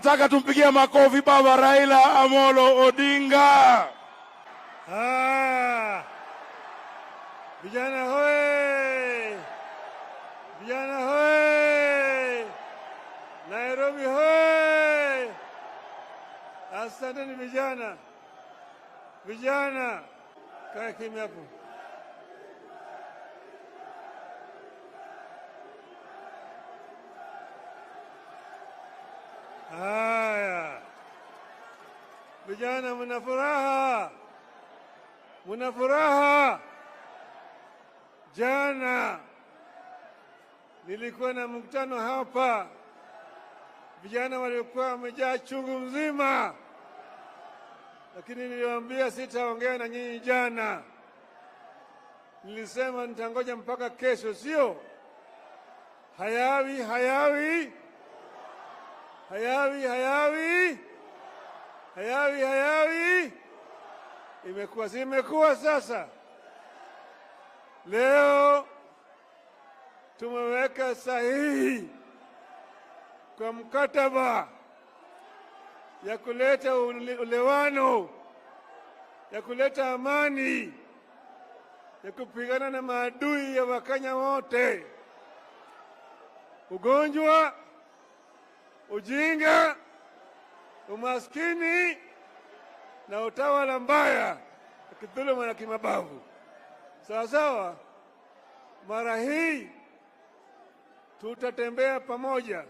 Nataka tumpigie makofi Baba Raila Amolo Odinga. Ah. vijana hoe, vijana hoe, Nairobi hoe. Asanteni vijana, vijana, kaa kimya hapo. Haya, vijana, mna furaha? Mna furaha? Jana nilikuwa na mkutano hapa, vijana waliokuwa wamejaa chungu mzima, lakini niliwaambia sitaongea na nyinyi jana. Nilisema nitangoja mpaka kesho, sio hayawi hayawi hayawi hayawi hayawi hayawi, imekuwa si imekuwa sasa. Leo tumeweka sahihi kwa mkataba ya kuleta ulewano, ya kuleta amani, ya kupigana na maadui ya Wakenya wote ugonjwa ujinga, umaskini na utawala mbaya kidhuluma na kimabavu. Sawa sawa, mara hii tutatembea pamoja.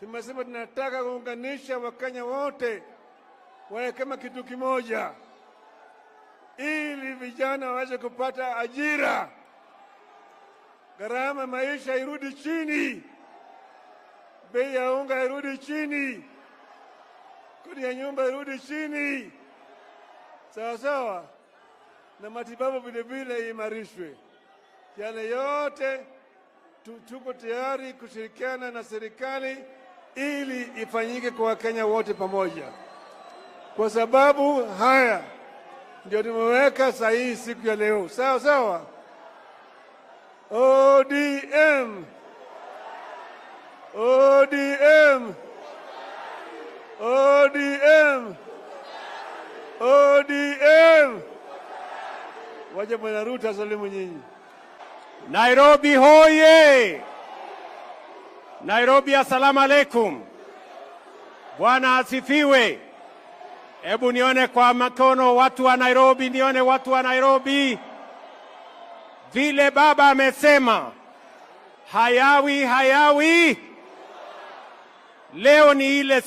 Tumesema tunataka kuunganisha Wakenya wote wawe kama kitu kimoja, ili vijana waweze kupata ajira, gharama maisha irudi chini bei ya unga irudi chini, kodi ya nyumba irudi chini, sawa sawa, na matibabu vilevile imarishwe Yale yote tuko tayari kushirikiana na serikali ili ifanyike kwa Wakenya wote pamoja, kwa sababu haya ndio tumeweka sahihi siku ya leo, sawa sawa. ODM ODM, ODM, ODM. Waje Bwana Ruta salimu nyinyi. Nairobi hoye! Nairobi, asalamu alaikum. Bwana asifiwe. Hebu nione kwa mkono watu wa Nairobi, nione watu wa Nairobi. Vile baba amesema hayawi hayawi leo ni ile